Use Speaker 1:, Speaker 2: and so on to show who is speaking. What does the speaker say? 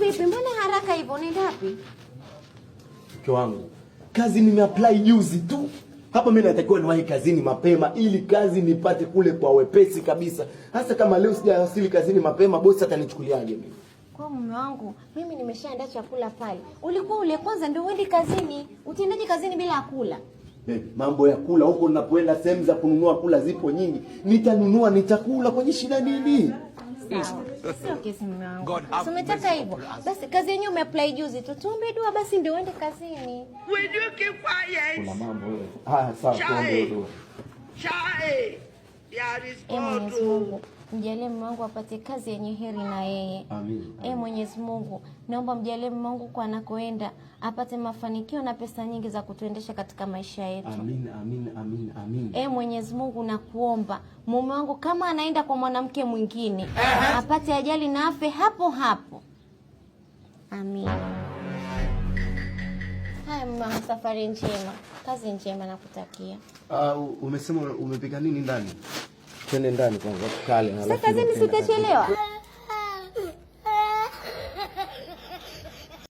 Speaker 1: vipi? Mbona haraka hivyo? Unaenda wapi?
Speaker 2: Mke wangu, kazi nimeapply juzi tu hapa. Mimi natakiwa niwahi kazini mapema ili kazi nipate kule kwa wepesi kabisa, hasa kama leo sijawasili kazini mapema, bosi atanichukuliaje mimi?
Speaker 1: Kwa mume wangu mimi nimeshaandaa chakula pale, ulikuwa ule kwanza ndio uende kazini. Utaendaje kazini bila kula?
Speaker 2: Hey, eh, mambo ya kula huko, ninapoenda sehemu za kununua kula zipo nyingi, nitanunua nitakula, kwenye shida nini?
Speaker 1: Sio kesi mume wangu. Umetaka hivyo. Basi kazi yenyewe umeapply juzi tu. Tuombe dua basi ndio uende kazini.
Speaker 2: Kuna mambo wewe. Ah, sawa tuombe dua.
Speaker 3: E Mwenyezi eh, Mungu,
Speaker 1: mjalie mume wangu apate kazi yenye heri na yeye. E Mwenyezi Mungu, naomba mjalie mume wangu kwa anakoenda apate mafanikio na pesa nyingi za kutuendesha katika maisha yetu.
Speaker 2: Amin, amin, amin, amin.
Speaker 1: E Mwenyezi Mungu, nakuomba mume wangu kama anaenda kwa mwanamke mwingine apate ajali na afe hapo hapo. Amin njema, safari njema, kazi njema nakutakia.
Speaker 2: Uh, umesema umepiga nini ndani? Twende ndani kwanza tukale.
Speaker 1: Sasa kazini sitachelewa.